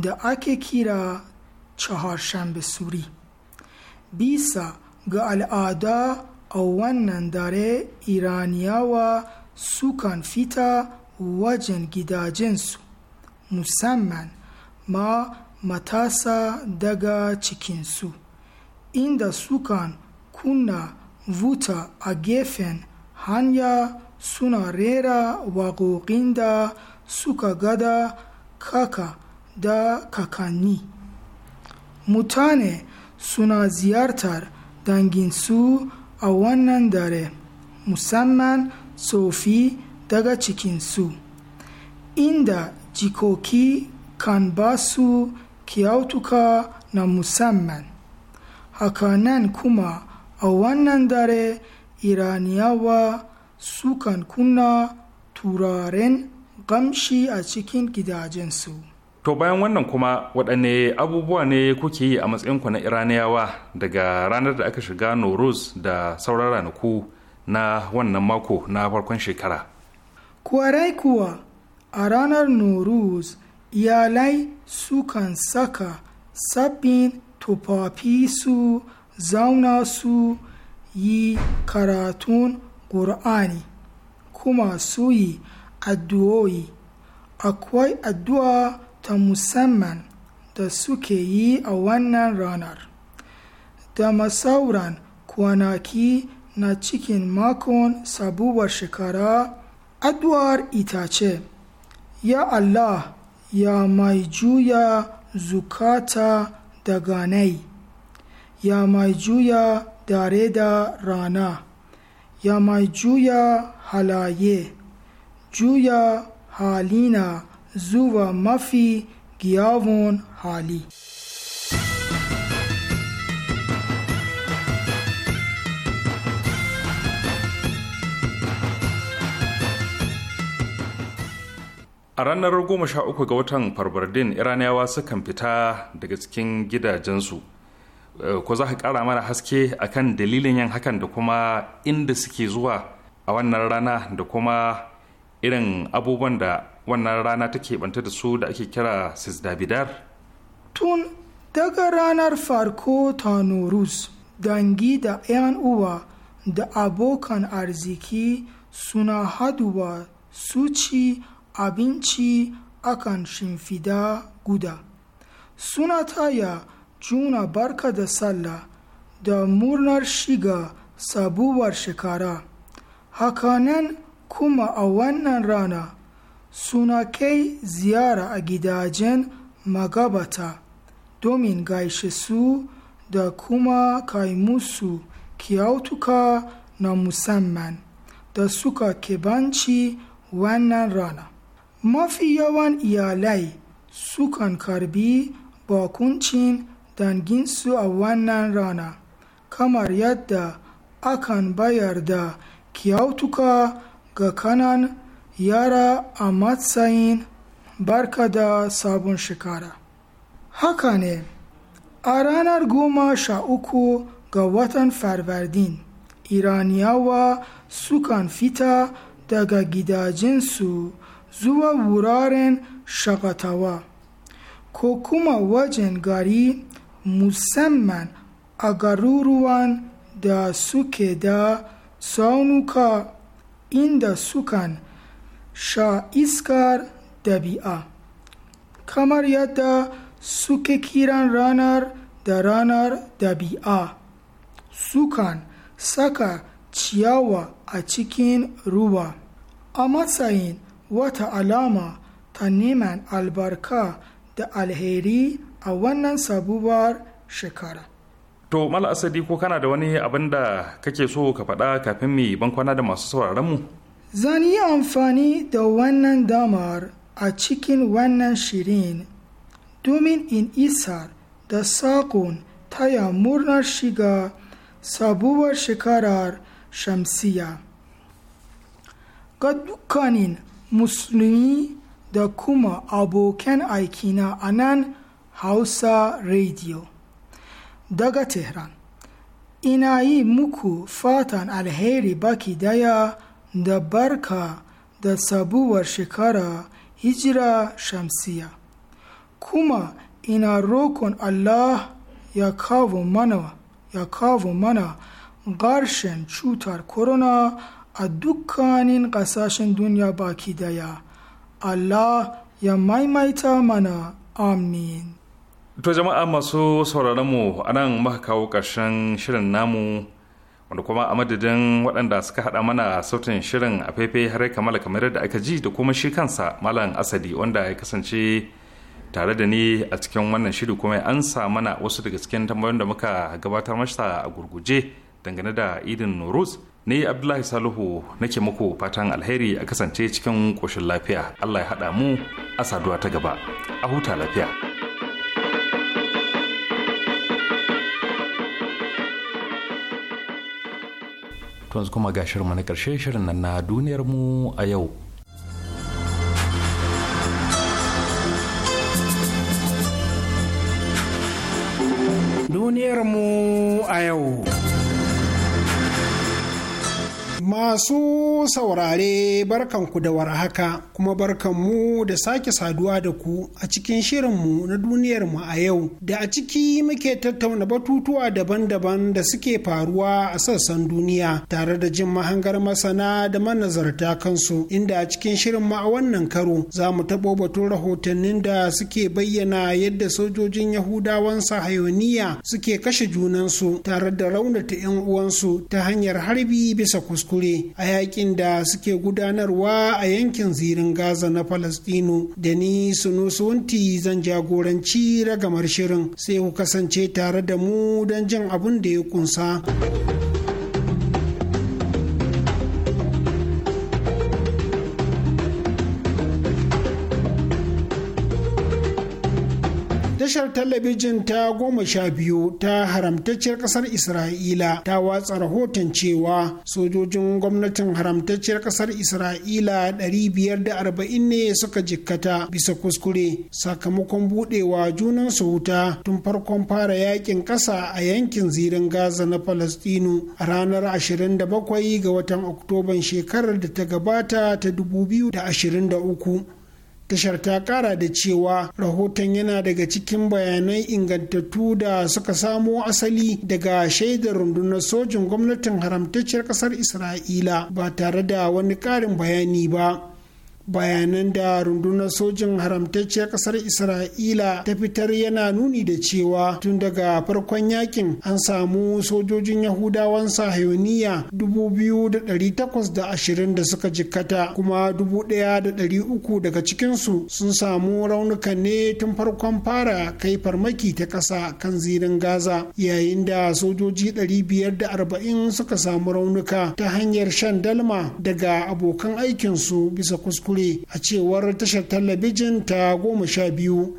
da ake kira caharshen suri bisa گال آدا اوان نداره ایرانیا و سوکان فیتا و گیدا جنسو نسمن ما متاسا دگا سو این دا سوکان کنا ووتا اگفن هنیا سونا ریرا و گوگین دا سوکا گدا کاکا دا کاکانی متانه سونا زیارتر تر danginsu a wannan dare musamman sofi daga cikinsu inda jikoki kan ba su kyautuka na musamman hakanan kuma a wannan dare iraniyawa sukan kunna turaren gamshi a cikin gidajensu To bayan wannan kuma waɗanne abubuwa ne kuke yi a matsayinku na Iraniyawa daga ranar da aka shiga Nor'us da sauran ranaku na wannan mako na farkon shekara. Kwarai kuwa a ranar Noruz iyalai sukan saka sabbin tufafi su zauna su yi karatun Ƙur'ani kuma su yi addu'o'i. Akwai addu'a ta musamman da suke yi a wannan ranar da masauran kwanaki na cikin makon sabuwar shekara addu'ar itace ya allah ya mai juya zukata da ganai ya mai juya dare da rana ya mai juya halaye juya halina zuba mafi giyavon hali a ranar goma sha uku ga watan farbardin iraniyawa sukan fita daga cikin gidajensu eh, ko za ka kara mana haske a kan dalilin yin hakan da kuma inda suke zuwa a wannan rana da kuma irin abubuwan da wannan rana ta keɓanta da su da ake kira sisdabidar Tun daga ranar farko ta Norus, dangi da 'yan uwa da abokan arziki suna haduwa su ci abinci akan shimfida guda. Suna taya juna barka da sallah da murnar shiga sabuwar shekara. Hakanan kuma a wannan rana suna kai ziyara a gidajen magabata domin gaishe su da kuma kai musu kyautuka na musamman da suka kebanci wannan rana mafi yawan iyalai sukan karbi bakuncin danginsu a wannan rana kamar yadda akan bayar da kyautuka ga kanan یارا آمد ساین برکدا صابون شکارا هکانه آران آرانر گوما شاوکو گواتن فروردین ایرانیا و سوکان فیتا دگا گیدا جنسو زو ورارن شغطاوا کوکوما و جنگاری موسمن اگروروان دا سوکه دا ساونوکا این دا سوکن sha iskar dabi'a kamar yadda suke kiran ranar da ranar dabi'a sukan saka ciyawa a cikin ruwa a matsayin wata alama ta neman albarka da alheri a wannan sabuwar shekara To Mala Asadi ko kana da wani abin da kake so ka faɗa kafin mai bankwana da masu sauraron mu? zan yi amfani da wannan damar a cikin wannan shirin domin in isar da saƙon taya murnar shiga sabuwar shekarar shamsiya ga dukkanin musulmi da kuma abokan aikina a nan hausa radio daga tehran ina yi muku fatan alheri baki daya da barka da sabuwar shekara hijira shamsiya kuma ina rokon Allah ya kawo mana ya kawo mana garshen cutar korona a dukkanin ƙasashen duniya baki daya Allah ya maimaita mana amin to jama'a masu sauraron mu anan muka kawo ƙarshen shirin namu wanda kuma a madadin waɗanda suka haɗa mana sautin shirin a faifai har kamala kamar da aka ji da kuma shi kansa malam asadi wanda ya kasance tare da ni a cikin wannan shiri kuma an sa mana wasu daga cikin tambayoyin da muka gabatar masa a gurguje dangane da idin noruz ni abdullahi saluhu nake muku fatan alheri a kasance cikin koshin lafiya allah ya haɗa mu a saduwa ta gaba a huta lafiya to yanzu kuma ga shirinmu na ƙarshe shirin nan na duniyar mu a yau duniyar mu a yau Masu saurare barkanku da haka kuma barkanmu da sake saduwa da ku a cikin shirinmu na duniyarmu a yau da a ciki muke tattauna batutuwa daban-daban da suke faruwa a sassan duniya tare da jin mahangar masana da manazarta kansu inda a cikin shirinmu a wannan karo za mu taɓo batun rahotannin da suke bayyana yadda sojojin Yahudawan sahayoniya suke kashe junansu tare da raunata 'yan uwansu ta hanyar harbi bisa kuskure. kuskure a yakin da suke gudanarwa a yankin zirin gaza na falastinu da ni sunusunti zan jagoranci ragamar shirin sai ku kasance tare da mu don jin abin da ya kunsa. tashar talabijin ta goma sha biyu ta haramtacciyar kasar isra'ila ta watsa rahoton cewa sojojin gwamnatin haramtacciyar kasar isra'ila biyar da arba'in ne suka jikkata bisa kuskure sakamakon budewa junan su wuta tun farkon fara yakin kasa a yankin zirin gaza na falastinu a ranar 27 ga watan oktoban shekarar da ta gabata ta 2023 tashar ta kara da cewa rahoton yana daga cikin bayanan ingantattu da suka samo asali daga shaidar rundunar sojin gwamnatin haramtacciyar kasar isra'ila ba tare da wani karin bayani ba bayanan da rundunar sojin haramtacciyar kasar isra'ila ta fitar yana nuni da cewa tun daga farkon yakin an samu sojojin yahudawan sahayoniya 2,820 da suka jikkata kuma 1,300 daga cikinsu sun samu raunuka ne tun farkon fara kai farmaki ta ƙasa kan zirin gaza yayin da sojoji 540 suka samu raunuka ta hanyar shan dalma daga abokan aikinsu bisa kuskure aure a cewar tashar talabijin ta goma sha biyu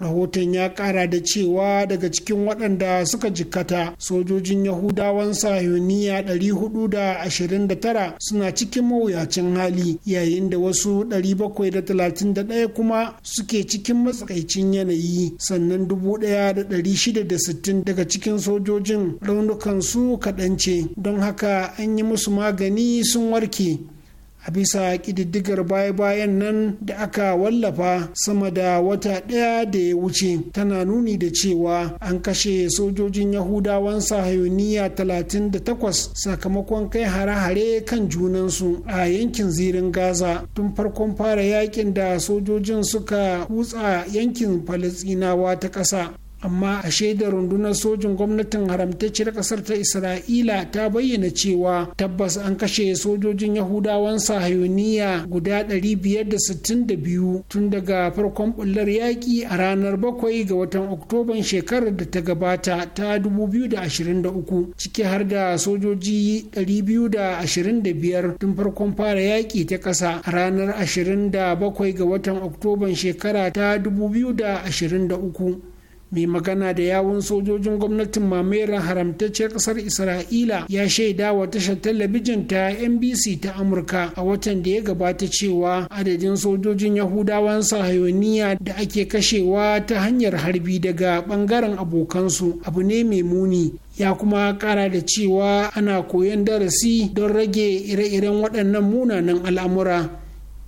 rahoton ya kara da cewa daga cikin waɗanda suka jikkata sojojin yahudawan sahiyoniya 429 suna cikin mawuyacin hali yayin da wasu 731 kuma suke cikin matsakaicin yanayi sannan 1660 daga cikin sojojin raunukansu kaɗan ce don haka an yi musu magani sun warke a bisa ƙididdigar baya-bayan nan da aka wallafa sama da wata ɗaya da ya wuce tana nuni da cewa an kashe sojojin yahudawan sahayuniya 38 sakamakon kai hare-hare kan junansu a yankin zirin gaza tun farkon fara yakin da sojojin suka hutsa yankin falisinawa ta ƙasa amma a shaidar rundunar sojin gwamnatin haramtacciyar kasar ta isra'ila ta bayyana cewa tabbas an kashe sojojin yahudawan sahayoniya guda 562 tun daga farkon bullar yaƙi a ranar 7 ga watan oktoban shekarar da ta gabata ta 2023 ciki har da sojoji 225 tun farkon fara yaƙi ta ƙasa a ranar 27 ga watan oktoban shekara ta 2023 mai magana da yawun sojojin gwamnatin mamayar haramtacciyar kasar isra'ila ya shaida wa tashar talabijin ta nbc ta amurka a watan da ya gabata cewa adadin sojojin yahudawan sahayoniya da ake kashewa ta hanyar harbi daga bangaren abokansu abu ne mai muni ya kuma kara da cewa ana koyon darasi don rage ire-iren waɗannan munanan al'amura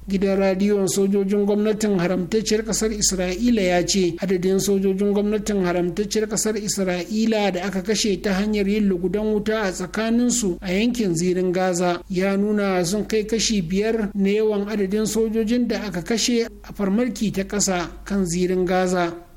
gidan radiyon sojojin gwamnatin haramtacciyar kasar isra'ila ya ce adadin sojojin gwamnatin haramtacciyar kasar isra'ila da aka kashe ta hanyar yin lugudan wuta a tsakaninsu a yankin zirin gaza ya nuna sun kai kashi biyar na yawan adadin sojojin da aka kashe a farmarki ta ƙasa kan zirin gaza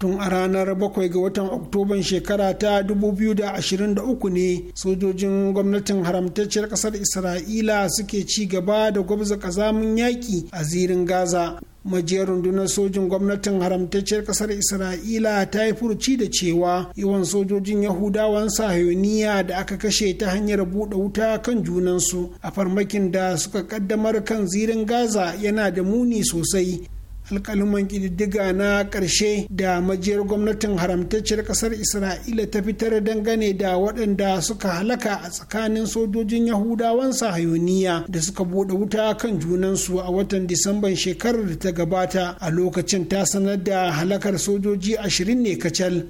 tun a ranar 7 ga watan oktoban shekara ta 2023 ne sojojin gwamnatin haramtacciyar kasar isra'ila suke ci gaba da gwabza kazamin yaƙi a zirin gaza majiyar rundunar sojin gwamnatin haramtacciyar kasar isra'ila ta yi furuci da cewa yawan sojojin yahudawan sahiyoniya da aka kashe ta hanyar buɗe wuta kan junansu a farmakin da suka ƙaddamar kan zirin gaza yana da muni sosai alkaluman ƙididdiga na ƙarshe da majiyar gwamnatin haramtacciyar ƙasar isra'ila ta fitar dangane da waɗanda suka halaka a tsakanin sojojin yahudawan sahayoniya da suka buɗe wuta kan junansu a watan disamban shekarar da ta gabata a lokacin ta sanar da halakar sojoji ashirin ne kacal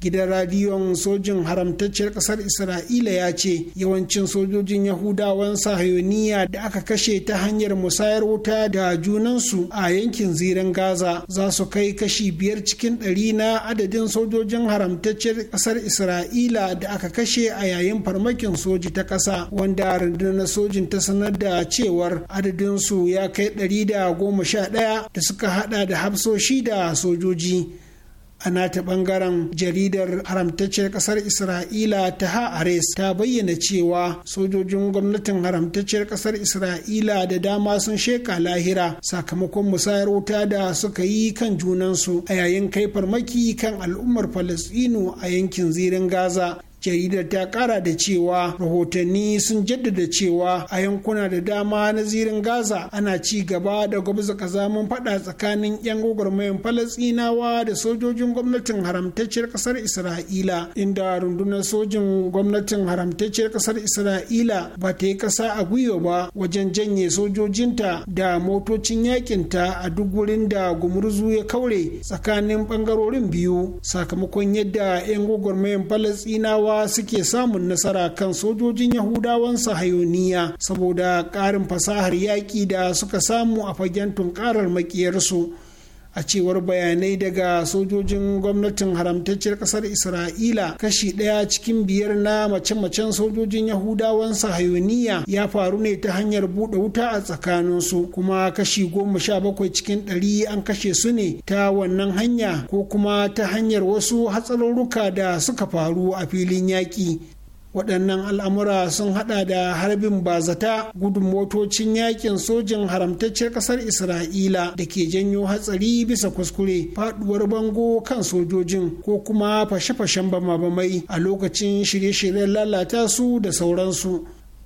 gidan radiyon sojin haramtacciyar kasar isra'ila ya ce yawancin sojojin yahudawan sahayoniya da aka kashe ta hanyar musayar wuta da junansu a yankin ziren gaza za su kai kashi biyar cikin ɗari na adadin sojojin haramtacciyar kasar isra'ila da aka kashe a yayin farmakin soji ta ƙasa wanda rundunar sojin ta sanar da cewar adadinsu ya kai ɗari da goma sha ɗaya da suka haɗa da hafsoshi da sojoji a nata bangaren jaridar haramtacciyar kasar isra'ila ta ha'ares ta bayyana cewa sojojin gwamnatin haramtacciyar kasar isra'ila da dama sun sheka lahira sakamakon musayar wuta da suka yi kan junansu a yayin kai farmaki kan al'ummar falasɗinu a yankin zirin gaza jaridar ta kara da cewa rahotanni sun jaddada cewa a yankuna da dama na zirin gaza ana ci gaba da gwamnati kazamin fada tsakanin yan gwagwarmayan falasinawa da sojojin gwamnatin haramtacciyar kasar isra'ila inda rundunar sojin gwamnatin haramtacciyar kasar isra'ila ba ta yi kasa a gwiwa ba wajen janye sojojinta da motocin yakinta a duk wurin da gumurzu ya kaure tsakanin bangarorin biyu sakamakon yadda yan gwagwarmayan falasinawa kowa suke samun nasara kan sojojin yahudawan sahayoniya saboda ƙarin fasahar yaƙi da suka samu a fagen tunƙarar makiyarsu a cewar bayanai daga sojojin gwamnatin haramtacciyar kasar isra'ila kashi ɗaya cikin biyar na mace-macen sojojin yahudawan sahayoniya ya faru ne ta hanyar buɗe wuta a tsakanin su kuma kashi goma sha bakwai cikin ɗari an kashe su ne ta wannan hanya ko kuma ta hanyar wasu hatsarurruka da suka faru a filin yaƙi waɗannan al'amura sun haɗa da harbin bazata gudun motocin yakin sojin haramtaccen ƙasar isra'ila da ke janyo hatsari bisa kuskure faɗuwar bango kan sojojin ko kuma fashe-fashen bama-bamai a lokacin shirye-shiryen lalata su da sauransu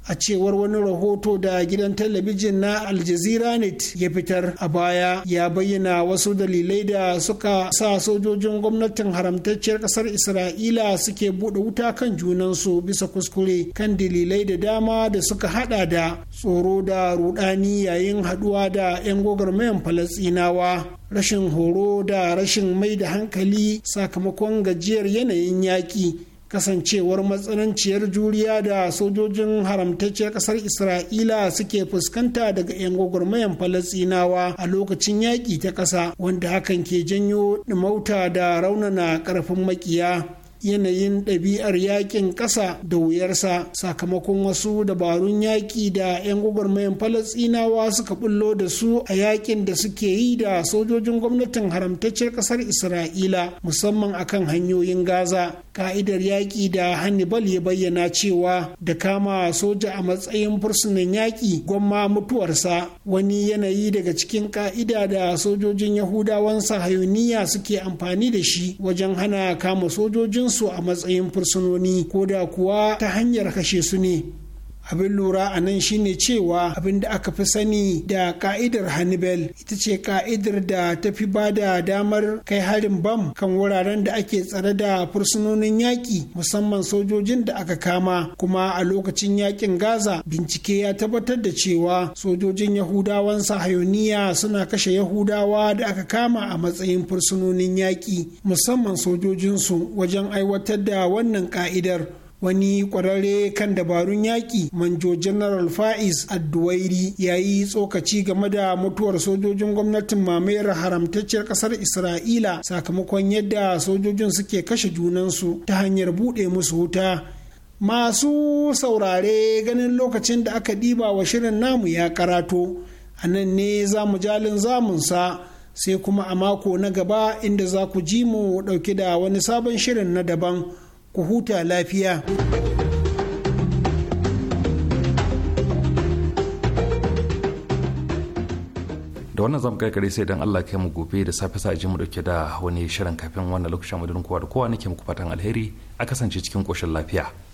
a cewar wani rahoto da gidan talabijin na aljazira net ya fitar a baya ya bayyana wasu dalilai da suka sa sojojin gwamnatin haramtacciyar kasar isra'ila suke buɗe wuta kan junansu bisa kuskure kan dalilai da dama da suka hada da tsoro da rudani yayin haduwa da 'yan gwagwarmayan falasinawa rashin horo da rashin mai da hankali sakamakon gajiyar yanayin yaƙi kasancewar matsananciyar juriya da sojojin haramtacciyar kasar isra'ila suke fuskanta daga 'yan gwagwarmayan falasinawa a lokacin yaƙi ta ƙasa wanda hakan ke janyo ɗimauta da raunana ƙarfin makiya yanayin ɗabi'ar yakin ƙasa da wuyarsa sakamakon wasu dabarun yaƙi da 'yan gwagwarmayan falasinawa suka bullo da su a yakin da suke yi da sojojin gwamnatin haramtacciyar ƙasar isra'ila musamman akan hanyoyin gaza ka'idar yaƙi da hannibal ya bayyana cewa da kama soja a matsayin fursunan yaƙi gwamma mutuwarsa wani yanayi daga cikin ka'ida da sojojin yahudawan sahayoniya suke amfani da shi wajen hana kama sojojin su a matsayin fursunoni ko da kuwa ta hanyar kashe su ne abin lura a nan shine cewa abin da aka fi sani da ka'idar hannibal ita ce ka'idar da ta fi ba da damar kai harin bam kan wuraren da ake tsare da fursunonin yaƙi musamman sojojin da aka kama kuma a lokacin yaƙin gaza bincike ya tabbatar da cewa sojojin yahudawan sahayoniya suna kashe yahudawa da aka kama a matsayin fursunonin yaƙi musamman sojojinsu wajen aiwatar da wannan ka'idar wani kwararre kan dabarun yaƙi manjo general faiz adduwairi ya yi tsokaci game da mutuwar sojojin gwamnatin mamayar haramtacciyar ƙasar isra'ila sakamakon yadda sojojin suke kashe junansu ta hanyar buɗe musu wuta masu saurare ganin lokacin da aka ɗiba wa shirin namu ya karato a nan ne za mu jalin zamunsa sai kuma a mako na gaba inda za ku ji mu ɗauke da wani sabon shirin na daban. ku huta lafiya. da wannan zamu kai sai dan Allah kai mu gobe da safe sa ji mu dauke da wani shirin kafin wannan lokacin madadin kowa da kowa nake muku fatan alheri a kasance cikin koshin lafiya